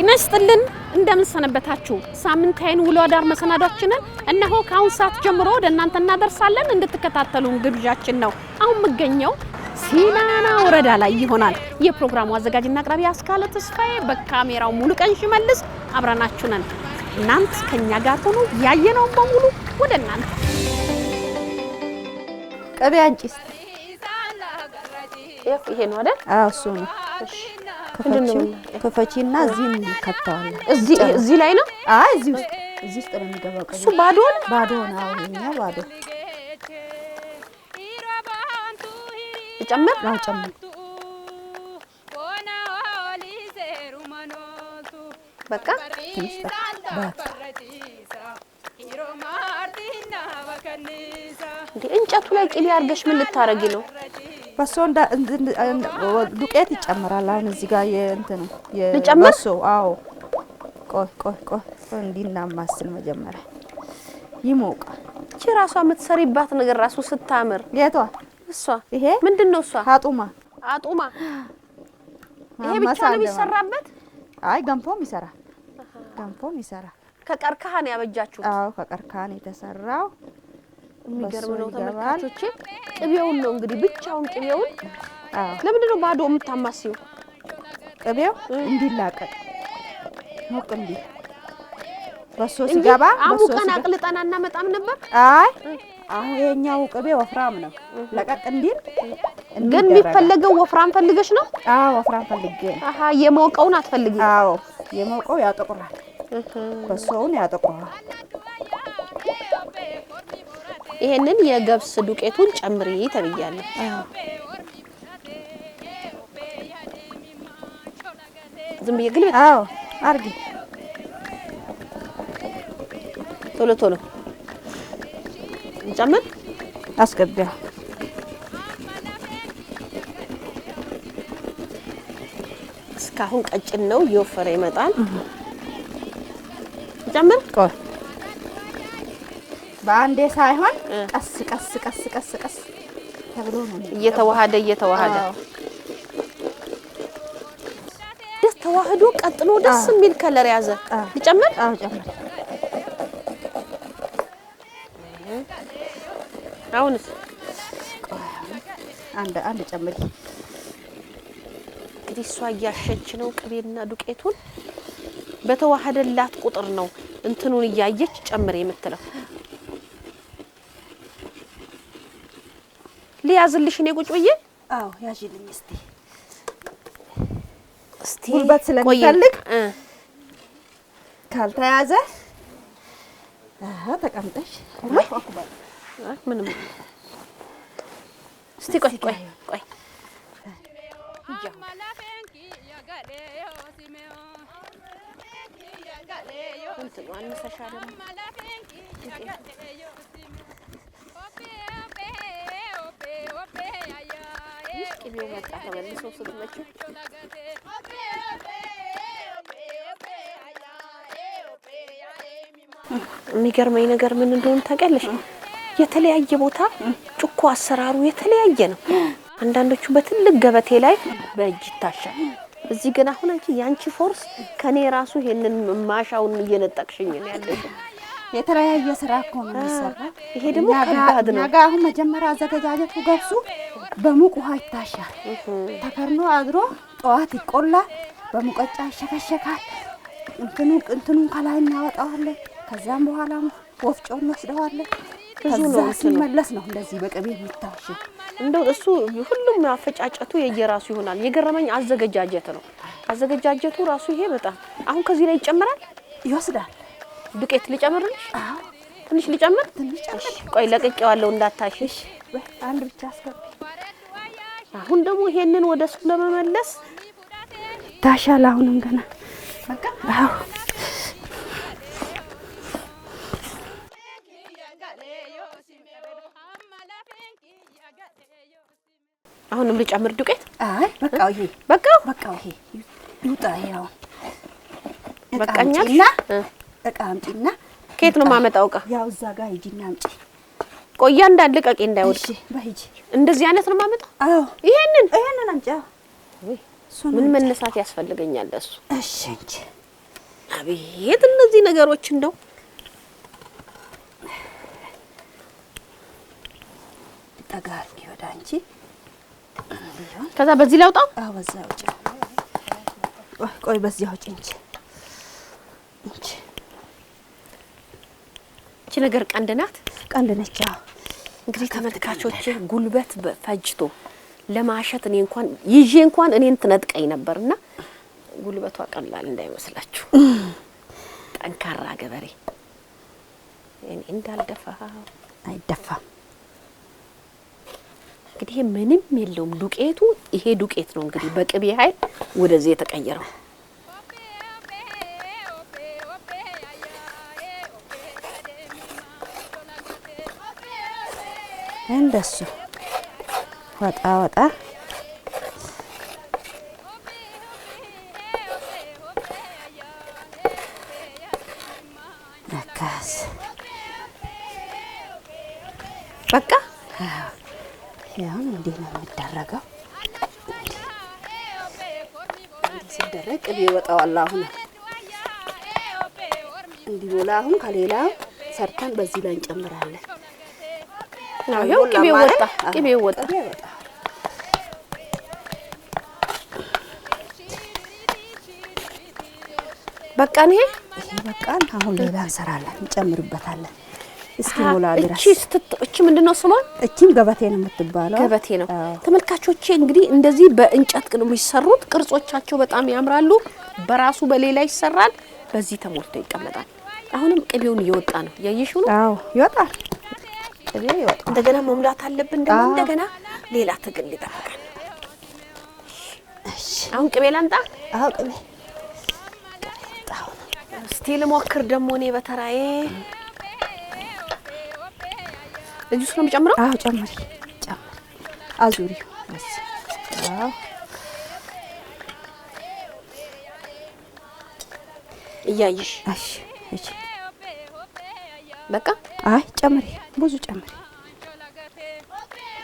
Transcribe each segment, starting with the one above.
ጤና ይስጥልን እንደምንሰነበታችሁ። ሳምንታዊን ውሎ አዳር መሰናዷችንን እነሆ ከአሁን ሰዓት ጀምሮ ወደ እናንተ እናደርሳለን። እንድትከታተሉን ግብዣችን ነው። አሁን የምገኘው ሲናና ወረዳ ላይ ይሆናል። የፕሮግራሙ አዘጋጅና አቅራቢ አስካለ ተስፋዬ፣ በካሜራው ሙሉ ቀን ሽመልስ፣ አብረናችሁ ነን። እናንት ከኛ ጋር ሆኖ ያየነውን በሙሉ ወደ እናንተ ቅቤ አንጪ። ይሄ ነው አይደል? እሱ ነው። ክፈቺና እዚህ እንከተዋለን። እዚህ ላይ ነው። አይ እዚህ ውስጥ እዚህ ውስጥ ነው የሚገባው። እሱ ባዶ ነው፣ ባዶ ነው። እኛ ባዶ ጨምር፣ አዎ ጨምር። በቃ ትንሽ እንጨቱ ላይ ቅቤ አድርገሽ ምን ልታረጊ ነው? በሶ ዱቄት ይጨምራል። አሁን እዚህ ጋር የእንትኑ ልጨምር። አዎ ቆይ ቆይ ቆይ እንዲናማስል መጀመሪያ ይሞቃ። እቺ ራሷ የምትሰሪባት ነገር ራሱ ስታምር የቷ እሷ ይሄ ምንድን ነው? እሷ አጡማ አጡማ ይሄ ብቻ ነው የሚሰራበት። አይ ገንፎም ይሰራል፣ ገንፎም ይሰራል። ከቀርካሃ ነው ያበጃችሁት? አዎ ከቀርካሃ ነው የተሰራው። የሚገርም ነው ተመልካቾቼ። ቅቤውን ነው እንግዲህ ብቻውን ቅቤውን። ለምንድን ነው ባዶ የምታማስይው? ቅቤው እንዲላቀቅ ሞቅ እንዲል በሶ ሲገባ አሙቀን አቅልጠና እናመጣም ነበር። አይ አሁን የኛው ቅቤ ወፍራም ነው፣ ለቀቅ እንዲል ግን የሚፈለገው ወፍራም ፈልገሽ ነው? አዎ ወፍራም ፈልጌ ነው። አሃ የሞቀውን አትፈልጊም? አዎ የሞቀው ያጠቁራል፣ በሶውን ያጠቁራል። ይሄንን የገብስ ዱቄቱን ጨምሪ ተብያለሁ። ዝም ብዬ ግልበት። አዎ አርጊ ቶሎ ቶሎ እንጨምር አስገቢያ እስካሁን ቀጭን ነው፣ እየወፈረ ይመጣል። እንጨምር ቆይ በአንዴ ሳይሆን ቀስ ቀስ ቀስ ቀስ ቀስ ተብሎ ነው እየተዋሃደ እየተዋሃደ ደስ ተዋህዶ ቀጥሎ ደስ የሚል ከለር ያዘ። ልጨምር? አዎ ጨምር። አሁንስ አንድ አንድ ጨምሪ። እንግዲህ እሷ እያሸች ነው ቅቤና ዱቄቱን በተዋሃደላት ቁጥር ነው እንትኑን እያየች ጨምር የምትለው ልያዝልሽ? እኔ ቁጭ ብዬ አዎ፣ ያዥልኝ እስቲ እስቲ ጉልበት ስለሚፈልግ ካልተያዘ ተቀምጠሽ ምንም እስቲ ቆይ ቆይ ቆይ ይህ የሚገርመኝ ነገር ምን እንደሆነ ታውቂያለሽ? የተለያየ ቦታ ጭኮ አሰራሩ የተለያየ ነው። አንዳንዶቹ በትልቅ ገበቴ ላይ በእጅ ይታሻል። እዚህ ግን አሁን አንቺ ያንቺ ፎርስ ከኔ ራሱ ይሄንን ማሻውን እየነጠቅሽኝ ነው ያለሽው። የተለያየ ስራ እኮ ነው የሚሰራው። ይሄ ደግሞ ከባድ ነው። ነገ አሁን መጀመሪያ አዘገጃጀቱ ገብሱ በሙቅ ውሃ ይታሻል። ተከርኖ አድሮ ጠዋት ይቆላል። በሙቀጫ ይሸከሸካል። እንትኑ እንትኑን ከላይ እናወጣዋለን። ከዛም በኋላ ወፍጮ እንወስደዋለን። ከዛ ሲመለስ ነው እንደዚህ በቅቤ የሚታሽ። እንደው እሱ ሁሉም አፈጫጨቱ የየራሱ ይሆናል። የገረመኝ አዘገጃጀት ነው። አዘገጃጀቱ ራሱ ይሄ በጣም አሁን ከዚህ ላይ ይጨምራል ይወስዳል ዱቄት ልጨምርልሽ? አዎ፣ ትንሽ ልጨምር። ትንሽ ጨምር። ቆይ ለቅቄዋለሁ እንዳታሽሽ። አንድ ብቻ አስገባ። አሁን ደግሞ ይሄንን ወደ እሱ ለመመለስ ታሻል። አሁንም ገና በቃ። አዎ አሁንም ልጨምር ዱቄት። አይ በቃው ይሄ በቃው በቃው ይሄ ይውጣ። ያው በቃኛል። እቃ አምጪና ከየት ነው የማመጣው እቃ? ያው እዛ ጋር ሂጂና አምጪ። ቆያ እንዳለ እንዳይወድቅ በሂጂ። እንደዚህ አይነት ነው የማመጣው? አዎ። ይሄንን ይሄንን አምጪ። ምን መነሳት ያስፈልገኛል እሱ። እሺ እንጂ አቤት እነዚህ ነገሮች እንደው ወደ አንቺ። ከዛ በዚህ ላውጣው? አዎ አውጪ። ቆይ በዚህ አውጪ እንጂ እንጂ እቺ ነገር ቀንድ ናት። ቀንድ ነች። እንግዲህ ተመልካቾች ጉልበት ፈጅቶ ለማሸት እኔ እንኳን ይዤ እንኳን እኔን ትነጥቀኝ ነበርና ጉልበቷ ቀላል እንዳይመስላችሁ። ጠንካራ ገበሬ እኔ እንዳልደፋ አይደፋም። እንግዲህ ምንም የለውም ዱቄቱ። ይሄ ዱቄት ነው እንግዲህ በቅቤ ኃይል ወደዚህ የተቀየረው። እንደሱ ወጣ ወጣ ነካስ በቃ ያው እንዲህ ነው የሚደረገው። ሲደረግ ቅቤ ይወጣዋል። አሁን አሁን ከሌላ ሰርተን በዚህ ላይ እንጨምራለን። ነው። ይኸው ቅቤው ወጣ፣ ቅቤው ወጣ። በቃን ይሄ ይሄ በቃን። አሁን ሌላ እንሰራለን፣ እንጨምርበታለን። እስኪ ሞላ ድረስ እቺ ምንድን ነው ስሟ? እቺም ገበቴ ነው የምትባለው። ገበቴ ነው። ተመልካቾቼ እንግዲህ እንደዚህ በእንጨት ነው የሚሰሩት። ቅርጾቻቸው በጣም ያምራሉ። በራሱ በሌላ ይሰራል፣ በዚህ ተሞልቶ ይቀመጣል። አሁንም ቅቤውን እየወጣ ነው። ያየሽው ነው? አዎ ይወጣል። ቅቤ ይወጣል። እንደገና መሙላት አለብን። ደግሞ እንደገና ሌላ ትግል ሊጠብቀን። አሁን ቅቤ ላምጣ። አዎ ቅቤ እስቲ ልሞክር ደግሞ እኔ በተራዬ። እዚህ ውስጥ ነው የምጨምረው? አዎ ጨምሪ ጨምሪ። አዙሪው እያየሽ። በቃ አይ ጨምሪ፣ ብዙ ጨምሪ።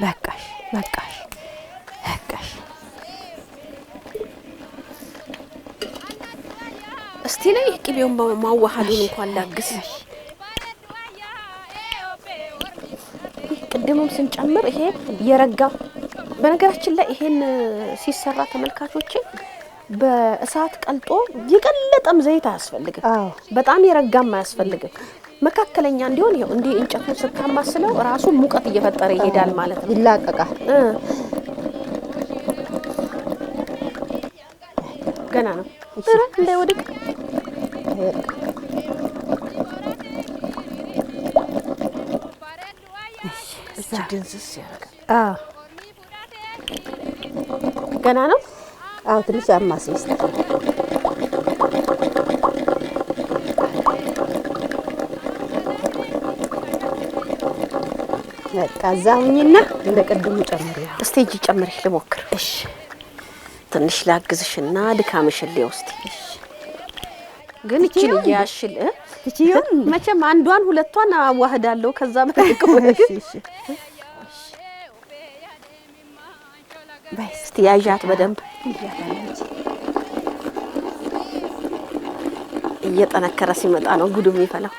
በቃሽ፣ በቃሽ፣ በቃሽ። እስቲ ላይ ቅቤውን ማዋሃዱን እንኳን ላግስ። ቅድሙም ስንጨምር ይሄ የረጋ በነገራችን ላይ ይሄን ሲሰራ ተመልካቾችን በእሳት ቀልጦ የቀለጠም ዘይት አያስፈልግም። በጣም የረጋም አያስፈልግም። መካከለኛ እንዲሆን ይኸው እንዲህ እንጨቱን ስታማስለው ራሱ ሙቀት እየፈጠረ ይሄዳል ማለት ነው፣ ይላቀቃል። ገና ነው እንዳይወድቅ ገና ነው። አዎ ትንሽ አማስ ቀዝቃዛ ሁኝና እንደ ቅድሙ ጨምሪ። እስቲ እጅ ጨምሪ ልሞክር። እሺ ትንሽ ላግዝሽና ድካምሽን ልየው እስቲ። ግን እችን እያሽል ትችይውን መቼም አንዷን ሁለቷን አዋህዳለሁ። ከዛ በልቅ እስቲ ያዣት በደንብ እየጠነከረ ሲመጣ ነው ጉዱ የሚፈላው።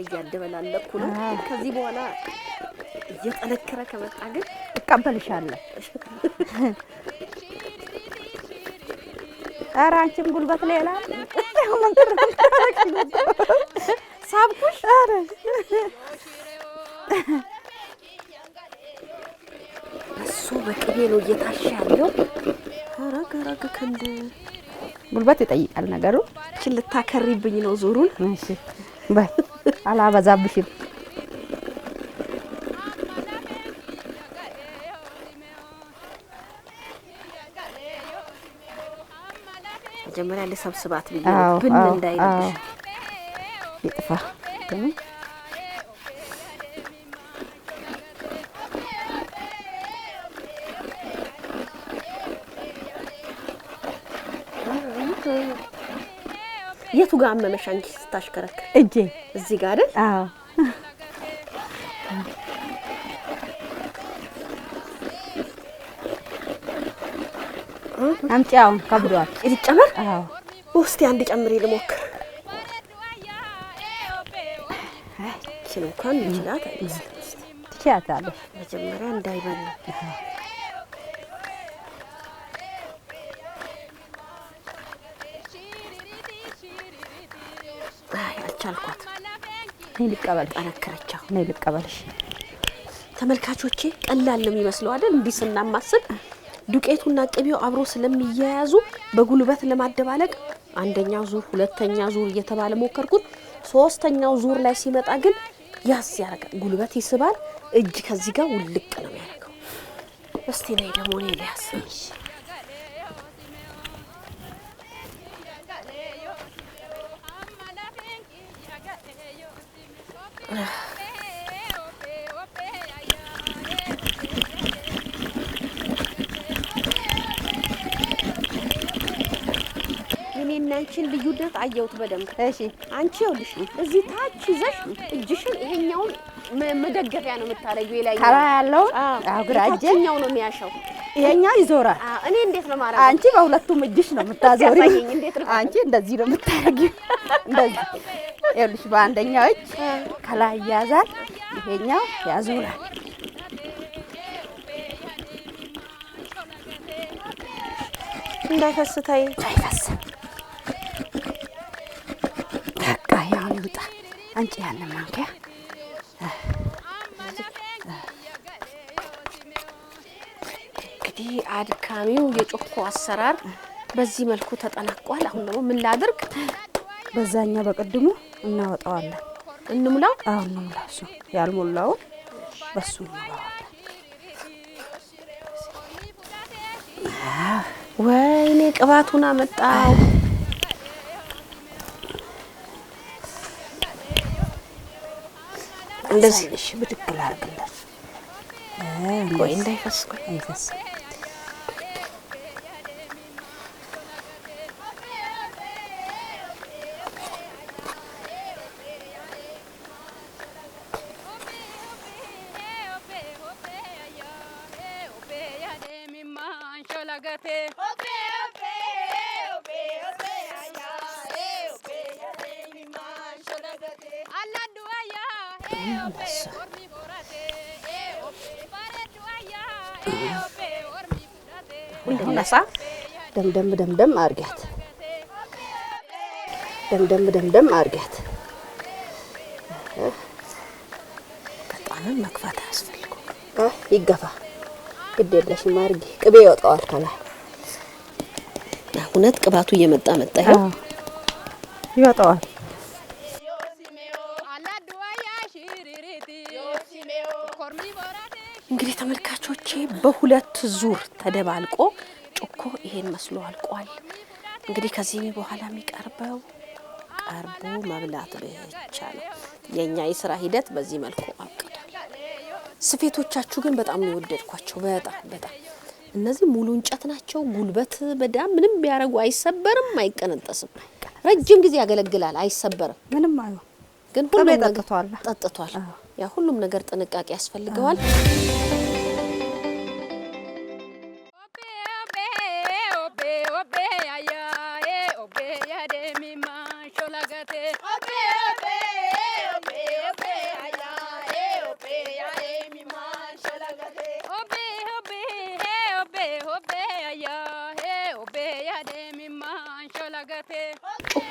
ነገር እያደበላለኩ ነው። ከዚህ በኋላ እየጠነከረ ከመጣ ግን እቀበልሻለሁ። ኧረ አንቺም ጉልበት ሌላ ሳብኩሽ። እሱ በቅቤ ነው እየታሸ ያለው። ረግ ረግ ክንድ ጉልበት ይጠይቃል ነገሩ። ችልታከሪብኝ ነው ዙሩን። እሺ ባይ አላበዛብሽም። መጀመሪያ ልሰብስባት ብዬ ብን እንዳይልሽ ይጥፋ የቱ ጋር አመመሽ አንቺ ስታሽከረክር? እጄ እዚህ ጋር አይደል? አዎ። አምጪ። አሁን ከብዷል። ልጨምር? አዎ። እስቲ አንድ ጨምሪ ልሞክር። እንኳን ይችላት ትችያታለሽ። መጀመሪያ እንዳይበላ አልኳት። እኔ ልቀበል ጠነክረቻ እኔ ልቀበልሽ። ተመልካቾቼ ቀላል ነው የሚመስለው አይደል? እንዲህ ስናማስል ዱቄቱና ቅቤው አብሮ ስለሚያያዙ በጉልበት ለማደባለቅ አንደኛ ዙር፣ ሁለተኛ ዙር እየተባለ ሞከርኩት። ሶስተኛው ዙር ላይ ሲመጣ ግን ያስ ያደርጋል። ጉልበት ይስባል። እጅ ከዚህ ጋር ውልቅ ነው የሚያደርገው። እስቲ ነይ ደግሞ እኔ ሊያስ ልዩነት አየሁት በደንብ። እሺ አንቺ ይኸውልሽ እዚህ ታች ይዘሽ እጅሽን ይሄኛውን መደገፊያ ነው የምታደርጊው። ላይ ከራ ያለው አዎ፣ ግራ እጄኛው ነው የሚያሻው። ይሄኛው ይዞራል። እኔ እንዴት ነው ማረግ? አንቺ በሁለቱም እጅሽ ነው የምታዞሪው። አንቺ እንደዚህ ነው የምታደርጊው። እንደዚህ ይኸውልሽ፣ በአንደኛው እጅ ከላይ ያዛል፣ ይሄኛው ያዞራል። እንዳይፈስ ተይ፣ እንዳይፈስ አንቺ ያን ማንኪያ እንግዲህ አድካሚው የጮኮ አሰራር በዚህ መልኩ ተጠናቋል። አሁን ደግሞ ምን ላድርግ? በዛኛ በቅድሙ እናወጣዋለን። እንሙላው? አዎ እንሙላው። እሱ ያልሞላውን በሱ ወይኔ ቅባቱን አመጣው። እንደዚህ ብድግ ላድርግለት። ቆይ እንዳይፈስ ቆይ አይፈስም ደምደም ደምደም አርጊያት፣ ደምደም ደምደም አርጊያት። በጣምም መግፋት አያስፈልጉም። ይገፋ ግድ የለሽም አርጊ። ቅቤ ይወጣዋል ከላይ እውነት ቅባቱ እየመጣ መጣ። ይወጣዋል። እንግዲህ ተመልካቾቼ በሁለት ዙር ተደባልቆ ጩኮ ይሄን መስሎ አልቋል። እንግዲህ ከዚህ በኋላ የሚቀርበው ቀርቦ መብላት ብቻ ነው። የእኛ የስራ ሂደት በዚህ መልኩ አብቅቷል። ስፌቶቻችሁ ግን በጣም ነው የወደድኳቸው። በጣም በጣም እነዚህ ሙሉ እንጨት ናቸው። ጉልበት በዳም ምንም ቢያደርጉ አይሰበርም፣ አይቀነጠስም። ረጅም ጊዜ ያገለግላል፣ አይሰበርም። ምንም አይሆን ግን ሁሉም ጠጥቷል። ያ ሁሉም ነገር ጥንቃቄ ያስፈልገዋል።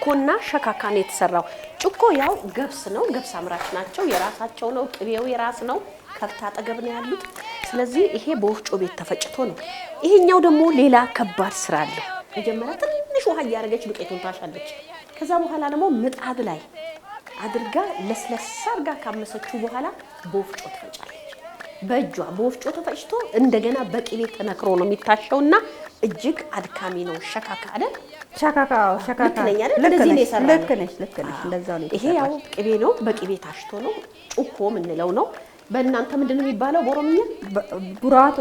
ጩኮና ሸካካ ነው የተሰራው። ጩኮ ያው ገብስ ነው፣ ገብስ አምራች ናቸው፣ የራሳቸው ነው። ቅቤው የራስ ነው፣ ከብት አጠገብ ነው ያሉት። ስለዚህ ይሄ በወፍጮ ቤት ተፈጭቶ ነው። ይሄኛው ደግሞ ሌላ ከባድ ስራ አለ። መጀመሪያ ትንሽ ውሃ እያደረገች ዱቄቱን ታሻለች። ከዛ በኋላ ደግሞ ምጣድ ላይ አድርጋ ለስለሳ አድርጋ ካመሰችው በኋላ በወፍጮ ትፈጫለች። በእጇ በወፍጮ ተፈጭቶ እንደገና በቅቤ ተነክሮ ነው የሚታሸው እና እጅግ አድካሚ ነው። ሸካካ አይደል? ሸካካ ሸካካ ለዚህ ነው የሰራ። ልክ ነሽ፣ ልክ ነሽ። እንደዛው ነው። ይሄ ያው ቅቤ ነው፣ በቅቤ ታሽቶ ነው። ጩኮ ምንለው ነው በእናንተ ምንድን ነው የሚባለው? በኦሮምኛ ቡራቶ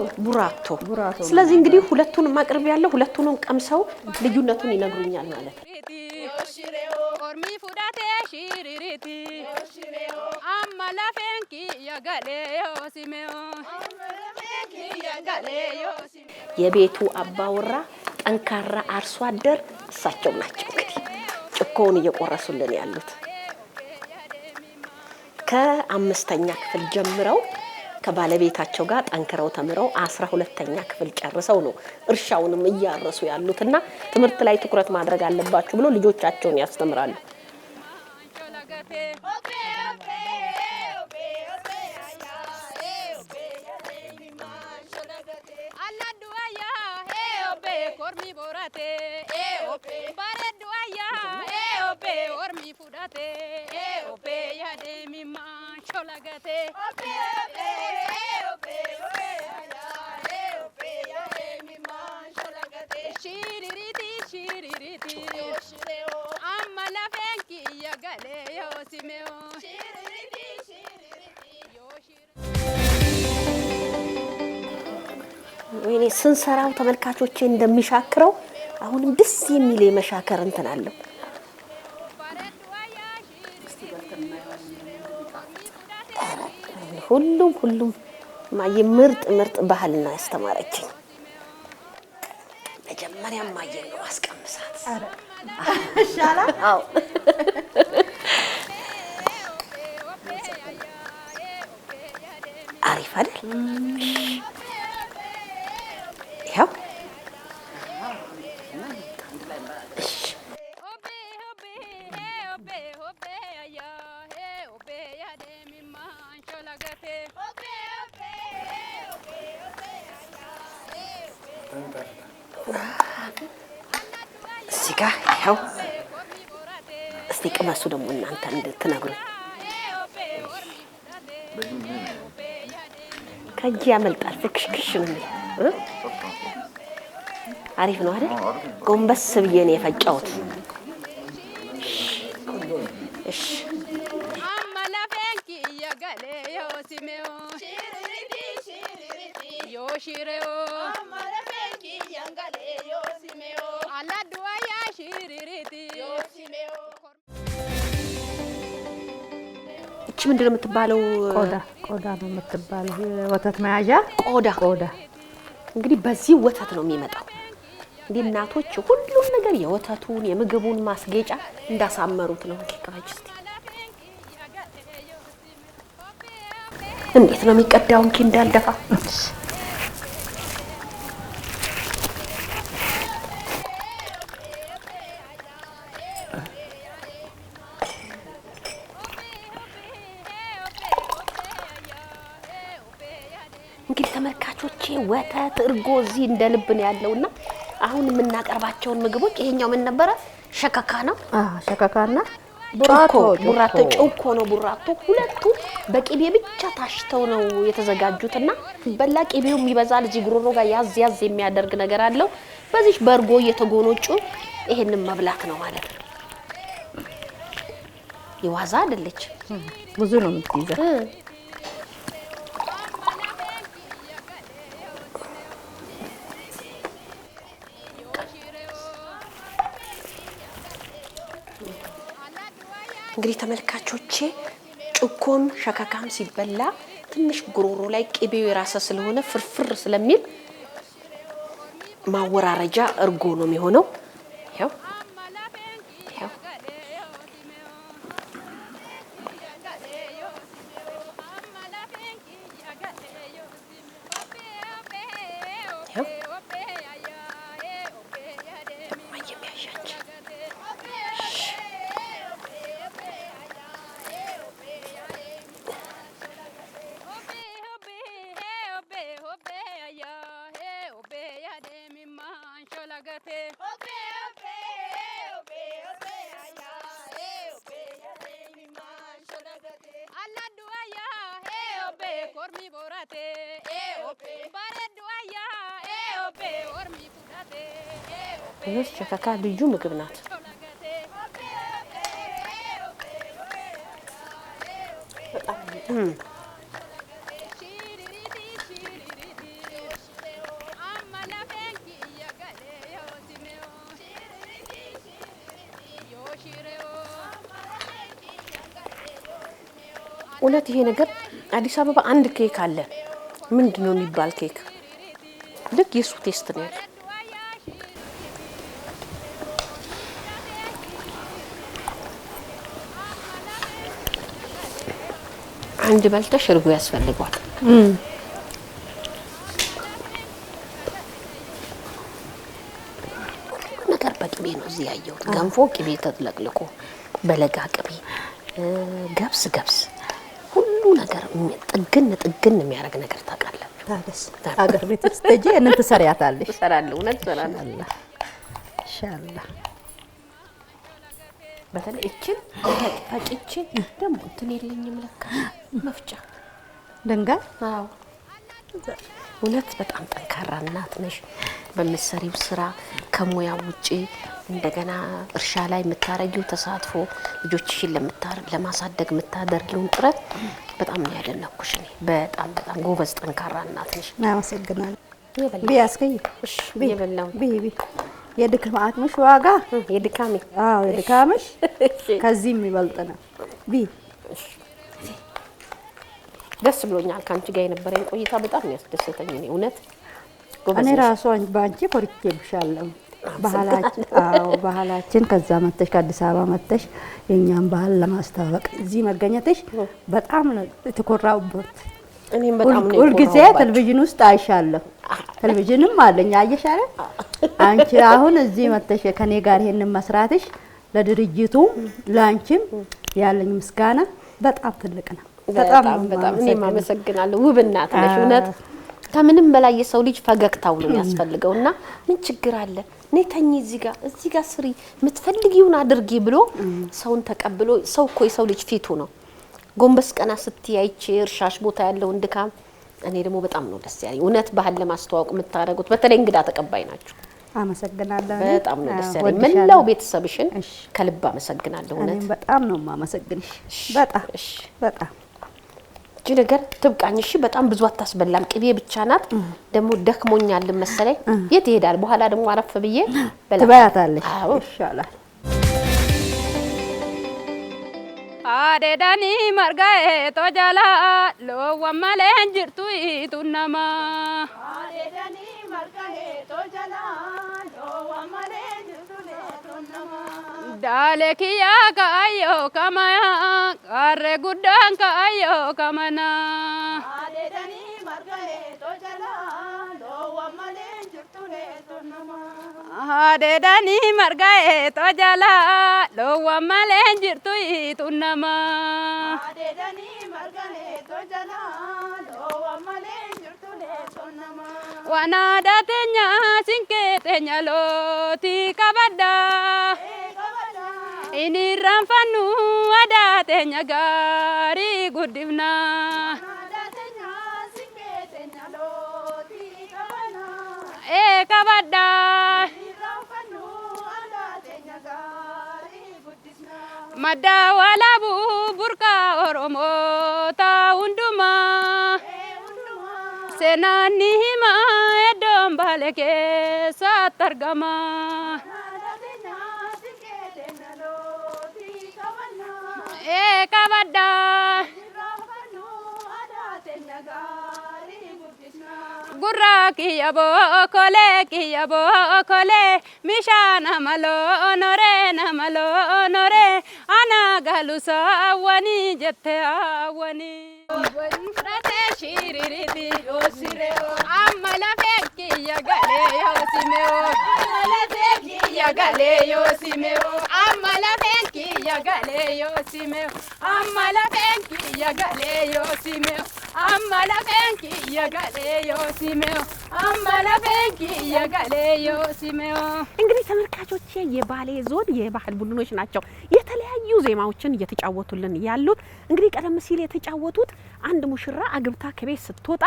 ቡራቶ። ስለዚህ እንግዲህ ሁለቱንም አቅርብ ያለው ሁለቱንም ቀምሰው ልዩነቱን ይነግሩኛል ማለት ነው። የቤቱ አባወራ ጠንካራ አርሶ አደር እሳቸው ናቸው። እንግዲህ ጭኮውን እየቆረሱልን ያሉት ከአምስተኛ ክፍል ጀምረው ከባለቤታቸው ጋር ጠንክረው ተምረው አስራ ሁለተኛ ክፍል ጨርሰው ነው እርሻውንም እያረሱ ያሉት እና ትምህርት ላይ ትኩረት ማድረግ አለባችሁ ብሎ ልጆቻቸውን ያስተምራሉ። Olagate. Ope, ope, ope, ope, ayare, ope, ayare, mi manjo olagate. Shiririti, shiririti. Yo shireo. Amma la fenki yagale yo simeo. Shiririti, shiririti. Yo shireo. ወይኔ ስንሰራው ተመልካቾቼ እንደሚሻክረው አሁንም ደስ የሚል የመሻከር እንትን አለው። ሁሉም ሁሉም እማዬ ምርጥ ምርጥ ባህልና ያስተማረችኝ መጀመሪያ እማዬን ነው አስቀምሳት። አሪፍ አይደል? እዚህ ጋር ይኸው፣ እስቲ ቅመሱ ደግሞ እናንተ እንድትነግሩኝ። ከእጅ ያመልጣል፣ ፍክሽክሽ ነው አሪፍ ነው አይደል? ጎንበስ ብዬ ነው የፈጨሁት። ምንድን ነው የምትባለው? ቆዳ ቆዳ ነው የምትባለው የወተት መያዣ ቆዳ ቆዳ። እንግዲህ በዚህ ወተት ነው የሚመጣው። እንዲህ እናቶች ሁሉም ነገር የወተቱን የምግቡን ማስጌጫ እንዳሳመሩት ነው። ቂቃዎች እንዴት ነው የሚቀዳው ኪ እንዳልደፋ ወተት፣ እርጎ እዚህ እንደ ልብ ነው ያለው እና አሁን የምናቀርባቸውን ምግቦች ይሄኛው ምን ነበረ? ሸከካ ነው። ሸከካና ቡራቶ ቡራቶ ጮኮ ነው። ቡራቶ ሁለቱ በቅቤ ብቻ ታሽተው ነው የተዘጋጁት እና በላ ቅቤውም ይበዛል። እዚህ ጉሮሮ ጋር ያዝ ያዝ የሚያደርግ ነገር አለው። በዚህ በእርጎ እየተጎኖጩ ይሄንን መብላት ነው ማለት ነው። የዋዛ አይደለች። ብዙ ነው የምትይዘው እንግዲህ ተመልካቾቼ ጭኮም ሸከካም ሲበላ ትንሽ ጉሮሮ ላይ ቅቤው የራሰ ስለሆነ ፍርፍር ስለሚል ማወራረጃ እርጎ ነው የሚሆነው። Ormi borate, eope. Baredu aya, eope. Ormi budate, eope. ይህች ሸከካ ልዩ ምግብ ናት። በጣም እውነት ይሄ ነገር አዲስ አበባ አንድ ኬክ አለ ምንድን ነው የሚባል ኬክ ልክ የእሱ ቴስት ነው ያለው። አንድ በልተሽ እርጎ ያስፈልጓል። ነገር በቅቤ ነው እዚህ ያየሁት ገንፎ ቅቤ ተጥለቅልቆ በለጋ ቅቤ ገብስ ገብስ ሁሉ ነገር ጥግን ጥግን የሚያደርግ ነገር ታውቃለህ። አገር ቤት ውስጥ ስትሄጂ ያንን ትሰሪያታለሽ። እሰራለሁ፣ እውነት እሰራለሁ። ኢንሻላህ በተለይ እችን ፈጭቼ ደግሞ እንትን የለኝም ለካ መፍጫ ድንጋይ። አዎ እውነት በጣም ጠንካራ እናት ነሽ። በምትሰሪው ስራ ከሙያ ውጪ እንደገና እርሻ ላይ የምታረጊው ተሳትፎ ልጆችሽን ለማሳደግ የምታደርጊውን ጥረት በጣም ነው ያደነኩሽ። እኔ በጣም በጣም ጎበዝ ጠንካራ እናት ነሽ። አመሰግናለሁ። ቢያስገኝ የድክማትሽ ዋጋ የድካሜ አዎ የድካምሽ ከዚህ የሚበልጥ ነው። ቢ ደስ ብሎኛል። ከአንቺ ጋር የነበረኝ ቆይታ በጣም ያስደሰተኝ እኔ እውነት። እኔ ራሷ በአንቺ ኮርቼ ብሻለሁ። ባህላችን ከዛ መተሽ ከአዲስ አበባ መተሽ የእኛን ባህል ለማስተዋወቅ እዚህ መገኘትሽ በጣም የተኮራውበት። ሁልጊዜ ቴሌቪዥን ውስጥ አይሻለሁ። ቴሌቪዥንም አለኝ አየሻለ። አንቺ አሁን እዚህ መተሽ ከኔ ጋር ይሄንን መስራትሽ ለድርጅቱ ለአንቺም ያለኝ ምስጋና በጣም ትልቅ ነው። በጣም በጣም እኔም አመሰግናለሁ። ውብ እናት ነሽ እውነት ከምንም በላይ የሰው ልጅ ፈገግታው ነው እና ምን ችግር አለ? ነይ ተኚ እዚህ ጋር እዚህ ጋር ስሪ የምትፈልጊውን አድርጊ ብሎ ሰውን ተቀብሎ ሰው እኮ የሰው ልጅ ፊቱ ነው። ጎንበስ ቀና ስትያይች እርሻሽ ቦታ ያለውን ድካም እኔ ደግሞ በጣም ነው ደስ ያለኝ። እውነት ባህል ለማስተዋወቅ የምታደርጉት በተለይ እንግዳ ተቀባይ ናችሁ። አመሰግናለሁ። በጣም ነው ደስ ያለኝ። መላው ቤተሰብሽን ከልብ አመሰግናለሁ። እውነት በጣም ነው የማመሰግንሽ። በጣም በጣም እቺ ነገር ትብቃኝ። እሺ በጣም ብዙ አታስበላም። ቅቤ ብቻ ናት። ደግሞ ደክሞኛል መሰለኝ የት ይሄዳል። በኋላ ደግሞ አረፍ ብዬ ትበያታለሽ። ይሻላል አደዳኒ መርጋዬ ቶጃላ ሎወማለን ጅርቱ አደዳኒ ቱናማ Daale kiyyaa ka'ayyo kamaya qarre guddaan ka'ayyo kamana. Adeedanii marga heettoo jala loowwan malee jirtu heettoo nama. Adeedanii marga heettoo jala loowwan malee jirtu hiitu nama. Adeedanii marga heettoo jala loowwan malee jirtu heettoo nama. Wanaadaa teenya sinqee teenya lootii qabaddaa. Inirraanfannu aadaa teenya gaarii guddifna. Ee kabaddaa. Maddaa walaabuu burqaa Oromoota hundumaa. Seenaan ni hima iddoon baale keessatti argama. ఏకవడ్డ గుర్రా కియబో కొలే కియబో కొలే మిషా నమలో నొరే నమలో నొరే అనగలు సావని జెత్తే ఆవని ಶಿರಿರಿದಿ ಯೋಸಿರೆ ಅಮ್ಮಲ ಬೆಕ್ಕಿಯ ಗಲೆ ಯೋಸಿಮೆಯೋ ಅಮ್ಮಲ ಬೆಕ್ಕಿಯ ಗಲೆ ಯೋಸಿಮೆಯೋ ಅಮ್ಮಲ ಬೆಂಕಿ kiyyagalee yoo simee amma lafeen kiyyagalee yoo simee amma lafeen kiyyagalee yoo simee amma lafeen kiyyagalee yoo simee። እንግዲህ ተመልካቾቼ የባሌ ዞን የባህል ቡድኖች ናቸው የተለያዩ ዜማዎችን እየተጫወቱልን ያሉት። እንግዲህ ቀደም ሲል የተጫወቱት አንድ ሙሽራ አግብታ ከቤት ስትወጣ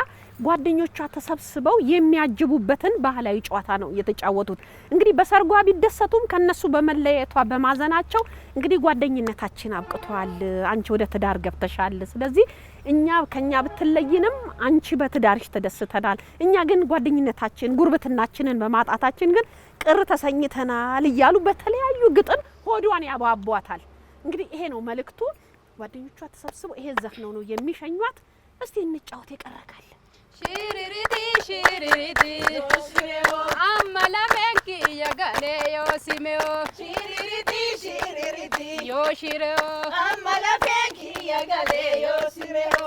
ጓደኞቿ ተሰብስበው የሚያጅቡበትን ባህላዊ ጨዋታ ነው የተጫወቱት። እንግዲህ በሰርጓ ቢደሰቱም ከነሱ በመለየቷ በማዘናቸው እንግዲህ ጓደኝነታችን አብቅቷል፣ አንቺ ወደ ትዳር ገብተሻል፣ ስለዚህ እኛ ከኛ ብትለይንም አንቺ በትዳርሽ ተደስተናል። እኛ ግን ጓደኝነታችን ጉርብትናችንን በማጣታችን ግን ቅር ተሰኝተናል እያሉ በተለያዩ ግጥም ሆዷን ያቧቧታል። እንግዲህ ይሄ ነው መልእክቱ። ጓደኞቿ ተሰብስበው ይሄ ዘፍነው ነው የሚሸኟት። እስቲ እንጫወት የቀረካለ ಶಿರಿರಿದಿ ಶಿರಿರಿದಿ ಅಮ್ಮಲ ಬೆಂಕಿಯ ಗಲೆ ಯೋಸಿಮೆಯೋ ಶಿರಿರಿದಿ ಶಿರಿರಿದಿ ಯೋಶಿರೋ ಅಮ್ಮಲ ಬೆಂಕಿಯ ಗಲೆ ಯೋಸಿಮೆಯೋ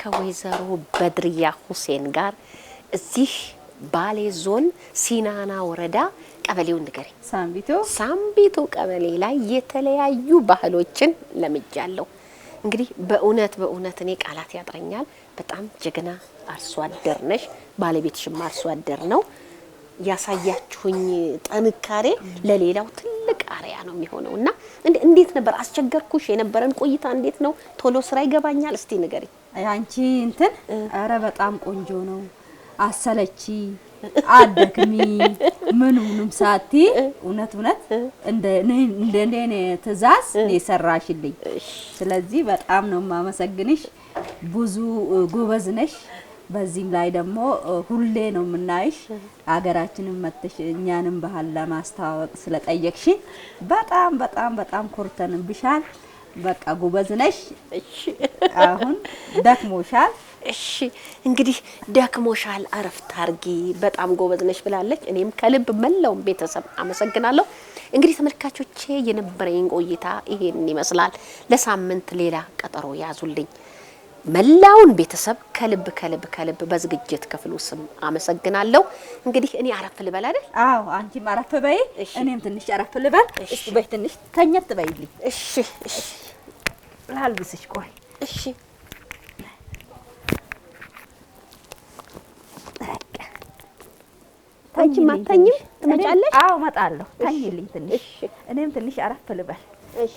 ከወይዘሮ በድርያ ሁሴን ጋር እዚህ ባሌ ዞን ሲናና ወረዳ ቀበሌው ንገሪ ሳምቢቶ ሳምቢቶ ቀበሌ ላይ የተለያዩ ባህሎችን ለምጃለሁ። እንግዲህ በእውነት በእውነት እኔ ቃላት ያጥረኛል። በጣም ጀግና አርሶ አደር ነሽ። ባለቤትሽም አርሶ አደር ነው። ያሳያችሁኝ ጥንካሬ ለሌላው ትልቅ አርያ ነው የሚሆነው እና እንዴት ነበር አስቸገርኩሽ? የነበረን ቆይታ እንዴት ነው? ቶሎ ስራ ይገባኛል። እስቲ ንገሪ አንቺ እንትን። አረ በጣም ቆንጆ ነው። አሰለቺ አደክሚ ምኑንም ሳቲ እውነት እውነት እንደ እኔ ትእዛዝ የሰራሽልኝ። ስለዚህ በጣም ነው የማመሰግንሽ። ብዙ ጎበዝ ነሽ። በዚህም ላይ ደግሞ ሁሌ ነው የምናይሽ። ሀገራችንን መጥተሽ እኛንም ባህል ለማስተዋወቅ ስለጠየቅሽ በጣም በጣም በጣም ኮርተንብሻል። በቃ ጉበዝ ነሽ። አሁን ደክሞሻል። እሺ እንግዲህ ደክሞሻል አረፍት አርጊ። በጣም ጎበዝ ነሽ ብላለች። እኔም ከልብ መላውን ቤተሰብ አመሰግናለሁ። እንግዲህ ተመልካቾቼ የነበረኝ ቆይታ ይሄን ይመስላል። ለሳምንት ሌላ ቀጠሮ ያዙልኝ። መላውን ቤተሰብ ከልብ ከልብ ከልብ በዝግጅት ክፍሉ ስም አመሰግናለሁ። እንግዲህ እኔ አረፍ ልበል አይደል? አዎ፣ አንቺም አረፍ በይ፣ እኔም ትንሽ አረፍ ልበል። እሺ በይ፣ ትንሽ ተኛት በይልኝ። እሺ፣ እሺ፣ ላልብስሽ። ቆይ፣ እሺ፣ አንቺም አትተኝም? ትመጫለሽ? አዎ፣ እመጣለሁ። ተኝልኝ ትንሽ፣ እኔም ትንሽ አረፍ ልበል። እሺ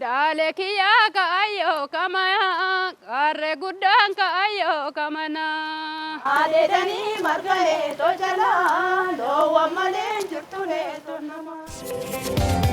Daalekiyaa kaayyoo kamaa qarree guddaan kaayyoo kamanaa. Adeedanii marga reetoo jalaa loowwan malee jirtu reetoo namaa.